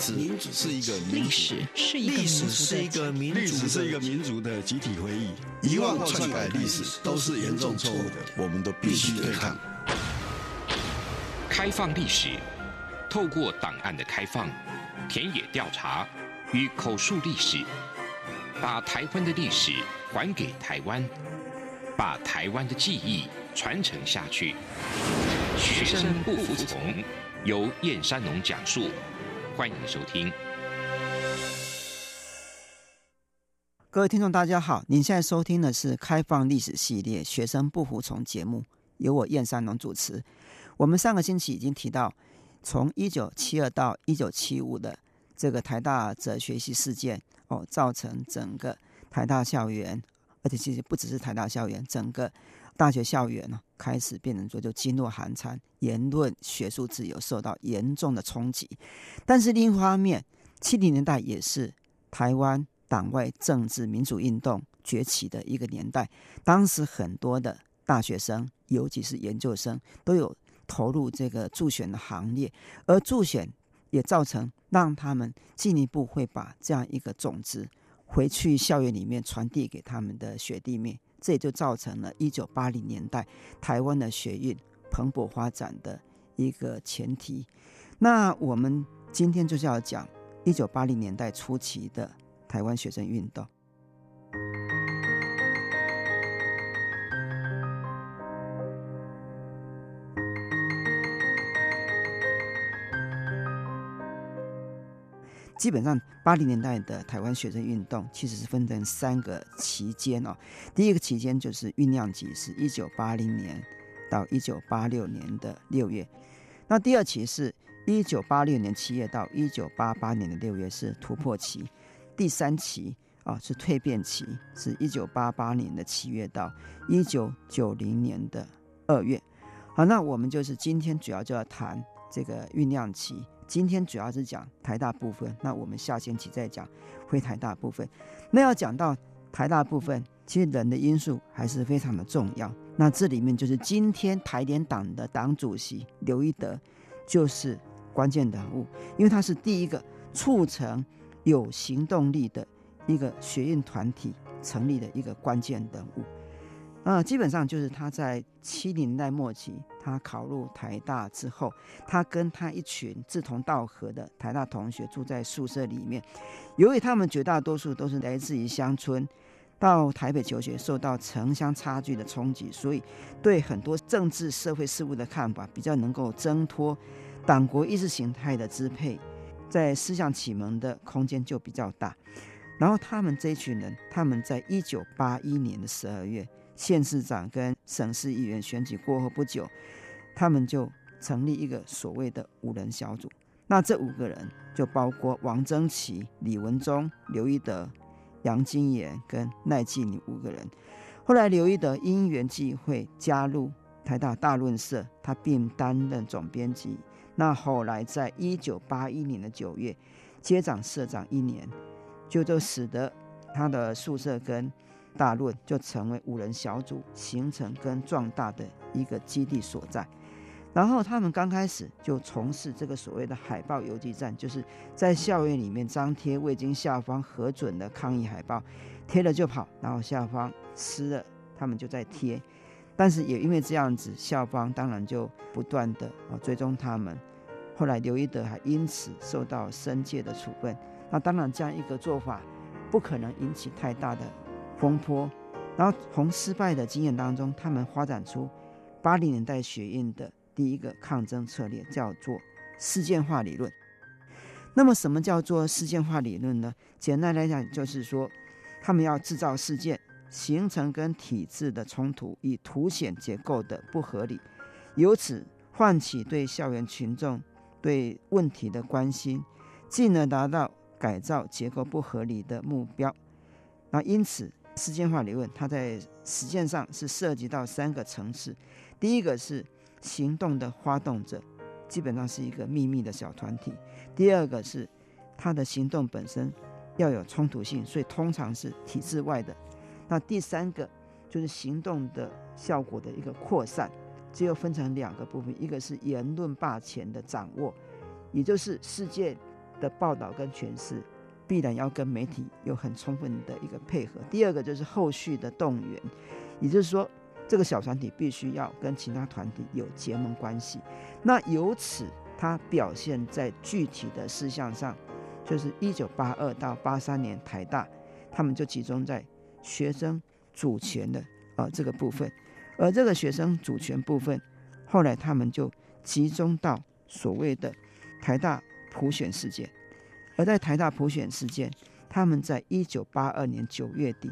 是一個歷史，是一個民主，是一個民族，是一個民族的集體回憶。遺忘篡改歷史都是嚴重錯誤的，我們都必須對抗。開放歷史，透過檔案的開放、田野調查與口述歷史，把台灣的歷史還給台灣，把台灣的記憶傳承下去。學生不服從，由燕山農講述。歡迎收聽，各位聽眾，大家好！您現在收聽的是《開放歷史》系列《學生不服從》節目，由我燕三龍主持。我們上個星期已經提到，從一九七二到一九七五的這個台大哲學系事件，哦，造成整個台大校園。而且其實不只是台大校園，整個大學校園呢開始變成說就噤若寒蟬，言論學術自由受到嚴重的衝擊。但是另一方面，七零年代也是台灣黨外政治民主運動崛起的一個年代。當時很多的大學生，尤其是研究生，都有投入這個助選的行列，而助選也造成讓他們進一步會把這樣一個種子。回去校園裡面傳遞給他們的學弟妹，這也就造成了1980年代台灣的學運蓬勃發展的一個前提。那我們今天就是要講1980年代初期的台灣學生運動。基本上，八零年代的台灣學生運動其實是分成三個期間哦。第一個期間就是醞釀期，是一九八零年到一九八六年的六月。那第二期是一九八六年七月到一九八八年的六月，是突破期。第三期啊、喔、是蛻變期，是一九八八年的七月到一九九零年的二月。好，那我們就是今天主要就要談這個醞釀期。今天主要是講台大部分，那我們下星期再講，會台大部分。那要講到台大部分，其實人的因素還是非常的重要。那這裡面就是今天台聯黨的黨主席劉一德，就是關鍵人物，因為他是第一個促成有行動力的一個學運團體成立的一個關鍵人物。呃、嗯，基本上就是他在七零年代末期，他考入台大之後，他跟他一群志同道合的台大同學住在宿舍裡面。由於他們絕大多數都是來自於鄉村，到台北求學，受到城鄉差距的衝擊，所以對很多政治社會事務的看法比較能夠掙脫黨國意識形態的支配，在思想啟蒙的空間就比較大。然後他們這一群人，他們在一九八一年的十二月。縣市長跟省市議員選舉過後不久，他們就成立一個所謂的五人小組。那這五個人就包括王貞祺、李文忠、劉一德、楊金炎跟賴繼寧五個人。後來劉一德因緣際會加入台大大論社，他並擔任總編輯。那後來在一九八一年的九月，接掌社長一年，就就使得他的宿舍跟大論就成為五人小組形成跟壯大的一個基地所在，然後他們剛開始就從事這個所謂的海報游擊戰，就是在校園裡面張貼未經校方核准的抗議海報，貼了就跑，然後校方吃了他們就在貼，但是也因為這樣子，校方當然就不斷的啊追蹤他們，後來劉一德還因此受到申誡的處分，那當然這樣一個做法不可能引起太大的。風波，然後從失敗的經驗當中，他們發展出八零年代學運的第一個抗爭策略，叫做事件化理論。那麼，什麼叫做事件化理論呢？簡單來講，就是說他們要製造事件，形成跟體制的衝突，以凸顯結構的不合理，由此喚起對校園群眾對問題的關心，進而達到改造結構不合理的目標。那因此。事件化理論，它在實踐上是涉及到三個層次：第一個是行動的發動者，基本上是一個祕密的小團體；第二個是它的行動本身要有衝突性，所以通常是體制外的；那第三個就是行動的效果的一個擴散，只有分成兩個部分：一個是言論霸權的掌握，也就是事件的報道跟詮釋。必然要跟媒體有很充分的一個配合。第二個就是後續的動員，也就是說，這個小團體必須要跟其他團體有結盟關係。那由此，它表現在具體的事項上，就是一九八二到八三年台大，他們就集中在學生主權的啊這個部分，而這個學生主權部分，後來他們就集中到所謂的台大普選事件。而在台大普選事件，他們在一九八二年九月底，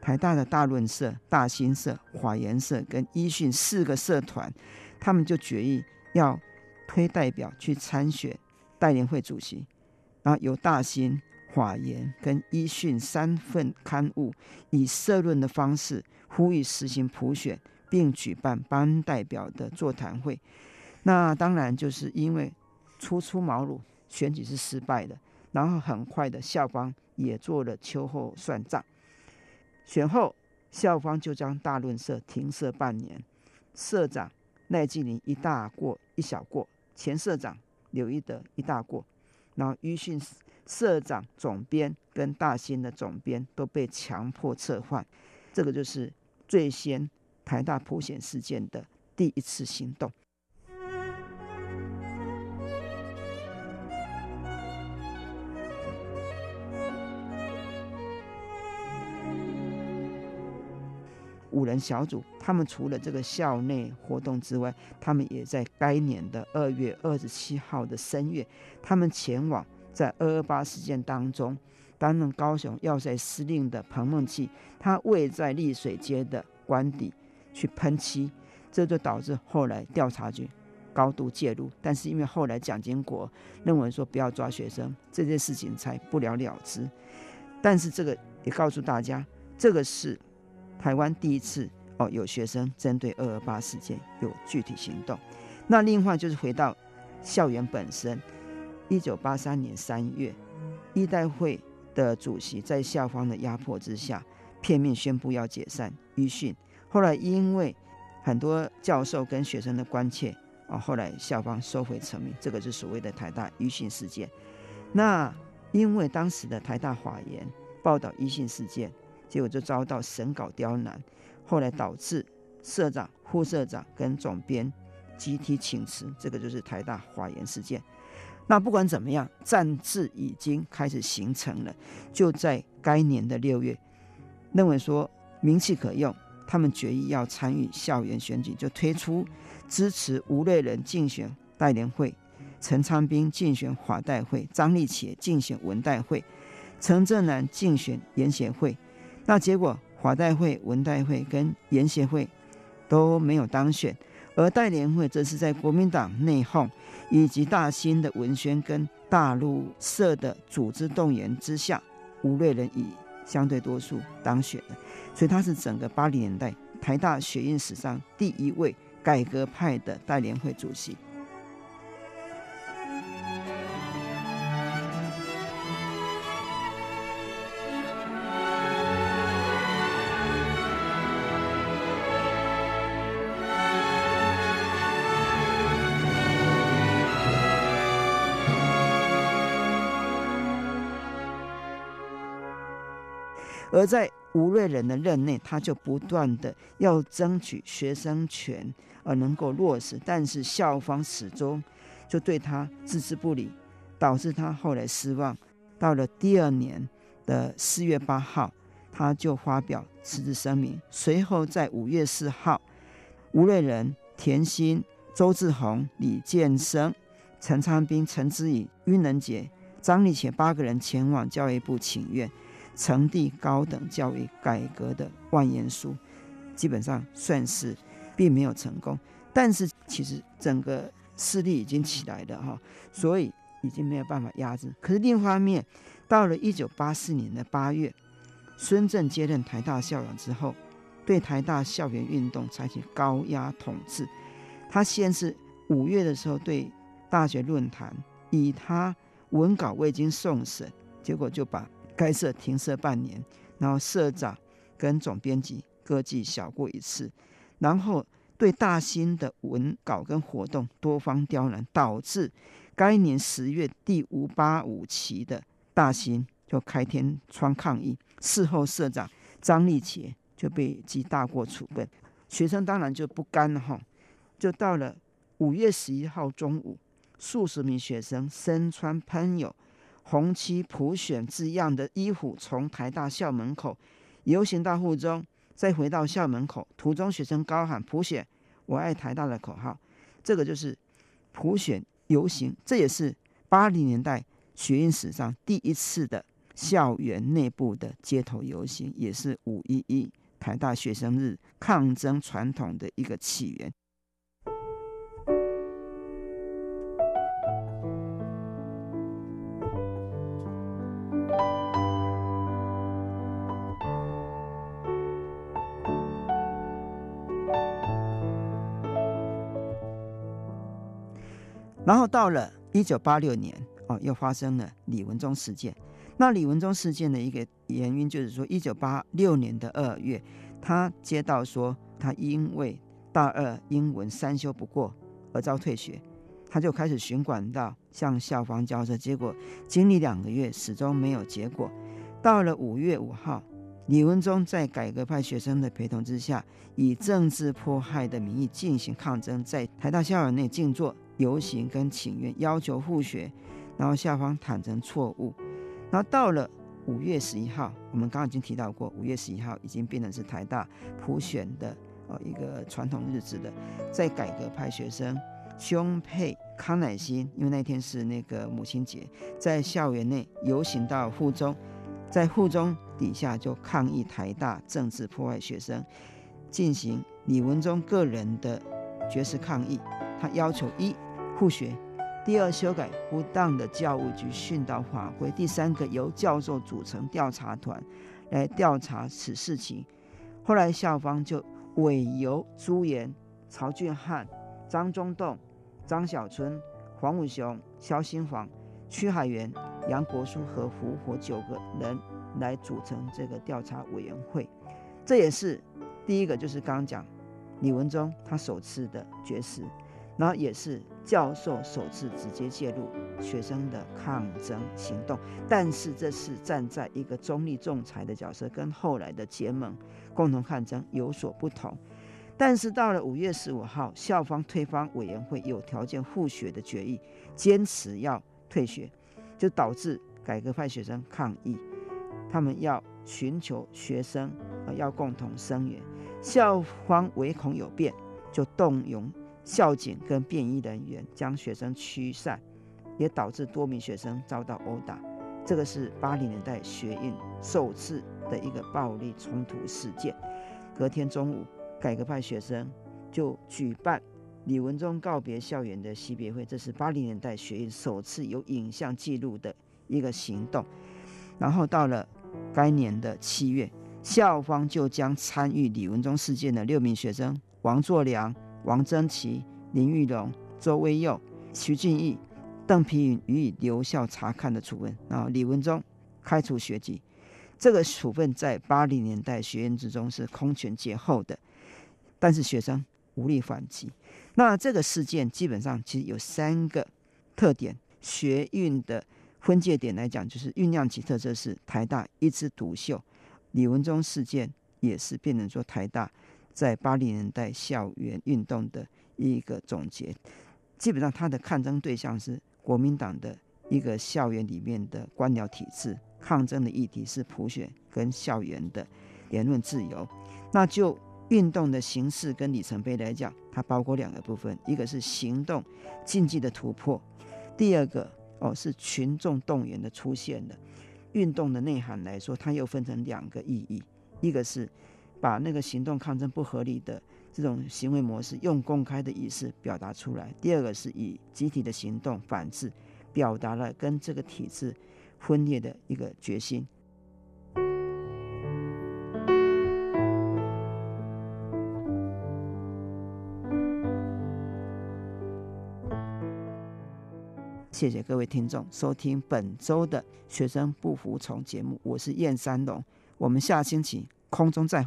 台大的大論社、大新社、華研社跟醫訊四個社團，他們就決議要推代表去參選代聯會主席，然後由大新、華研跟醫訊三份刊物以社論的方式呼籲實行普選，並舉辦班代表的座談會。那當然就是因為初出茅廬，選舉是失敗的。然後很快的，校方也做了秋後算賬。選後，校方就將大論社停社半年，社長賴繼寧一大過一小過，前社長劉一德一大過，然後於迅社長、總編跟大新的總編都被強迫撤換。這個就是最先台大普選事件的第一次行動。五人小組，他們除了這個校內活動之外，他們也在該年的二月二十七號的深夜，他們前往在二二八事件當中擔任高雄要塞司令的彭孟緝，他位在麗水街的官邸去噴漆，這就導致後來調查局高度介入，但是因為後來蔣經國認為說不要抓學生，這件事情才不了了之。但是這個也告訴大家，這個是，台灣第一次哦，有學生針對二二八事件有具體行動。那另外就是回到校園本身，一九八三年三月，醫代會的主席在校方的壓迫之下，片面宣布要解散醫訊。後來因為很多教授跟學生的關切，哦，後來校方收回成命，這個是所謂的台大醫訊事件。那因為當時的台大法言報道醫訊事件。結果就遭到審稿刁難，後來導致社長、副社長跟總編集體請辭。這個就是台大法言事件。那不管怎麼樣，戰志已經開始形成了。就在該年的六月，認為說民氣可用，他們決議要參與校園選舉，就推出支持吳叡人競選代聯會，陳昌彬競選法代會，張立奇競選文代會，陳正南競選研協會。那結果，華代會、文代會跟研協會都沒有當選，而代聯會則是在國民黨內訌以及大新的文宣跟大陸社的組織動員之下，吳瑞仁以相對多數當選的。所以他是整個八零年代台大學運史上第一位改革派的代聯會主席。而在吳瑞仁的任內，他就不斷地要爭取學生權而能夠落實，但是校方始終就對他置之不理，導致他後來失望。到了第二年的四月八號，他就發表辭職聲明。隨後在五月四號，吳瑞仁、田心、周志宏、李建生、陳昌斌、陳知怡、郁能杰、張立且八個人前往教育部請願。成立高等教育改革的萬言書，基本上算是並沒有成功，但是其實整個勢力已經起來了哈，所以已經沒有辦法壓制。可是另一方面，到了一九八四年的八月，孫震接任台大校長之後，對台大校園運動採取高壓統治。他先是五月的時候對大學論壇，以他文稿未經送審，結果就把該社停社半年，然後社長跟總編輯各記小過一次，然後對大新的文稿跟活動多方刁難，導致該年十月第五八五期的大新就開天窗抗議，事後社長張立傑就被記大過處分，學生當然就不甘了哈，就到了五月十一號中午，數十名學生身穿噴友。“紅旗普選”字樣的衣服從台大校門口遊行到傅鐘，再回到校門口。途中，學生高喊“普選，我愛台大”的口號。這個就是普選遊行，這也是八零年代學運史上第一次的校園內部的街頭遊行，也是“五一一”台大學生日抗爭傳統的一個起源。然後到了一九八六年，哦，又發生了李文忠事件。那李文忠事件的一個原因，就是說一九八六年的二月，他接到說他因為大二英文三修不過而遭退學，他就開始循管道向校方交涉，結果經歷兩個月始終沒有結果。到了五月五號，李文忠在改革派學生的陪同之下，以政治迫害的名義進行抗爭，在台大校園內靜坐。遊行跟請願要求復學，然後校方坦承錯誤。然後到了五月十一號，我們剛剛已經提到過，五月十一號已經變成是台大普選的呃一個傳統日子了，在改革派學生胸佩康乃馨，因為那天是那個母親節，在校園內遊行到附中，在附中底下就抗議台大政治迫害學生，進行李文忠個人的絕食抗議。他要求一，復學；第二，修改不當的教務局訓導法規；第三個，由教授組成調查團來調查此事情。後來校方就委由朱炎、曹俊漢、張忠棟、張曉春、黃武雄、肖新煌、瞿海源、楊國樞和胡佛九個人來組成這個調查委員會。這也是第一個，就是剛講李文忠他首次的絕食。然後也是教授首次直接介入學生的抗爭行動，但是這是站在一個中立仲裁的角色，跟後來的結盟共同抗爭有所不同。但是到了五月十五號，校方推翻委員會有條件復學的決議，堅持要退學，就導致改革派學生抗議，他們要尋求學生呃要共同聲援，校方唯恐有變，就動用。校警跟便衣人員將學生驅散，也導致多名學生遭到毆打。這個是八零年代學運首次的一個暴力衝突事件。隔天中午，改革派學生就舉辦李文忠告別校園的惜別會，這是八零年代學運首次有影像記錄的一個行動。然後到了該年的七月，校方就將參與李文忠事件的六名學生王作良。王珍琪、林玉龍、周威佑、徐俊義、鄧丕雲，予以留校察看的處分，然後李文忠開除學籍。這個處分在八零年代學運之中是空前絕後的，但是學生無力反擊。那這個事件基本上其實有三個特點，學運的分界點來講，就是醞釀期特色是台大一枝獨秀，李文忠事件也是變成說台大，在八零年代校園運動的一個總結，基本上它的抗爭對象是國民黨的一個校園裡面的官僚體制，抗爭的議題是普選跟校園的言論自由。那就運動的形式跟里程碑來講，它包括兩個部分，一個是行動禁忌的突破，第二個哦是群眾動員的出現的。運動的內涵來說，它又分成兩個意義，一個是。把那個行動抗爭不合理的這種行為模式，用公開的儀式表達出來。第二個是以集體的行動反制，表達了跟這個體制分裂的一個決心。謝謝各位聽眾收聽本周的學生不服從節目，我是燕三龍。我們下星期空中再會。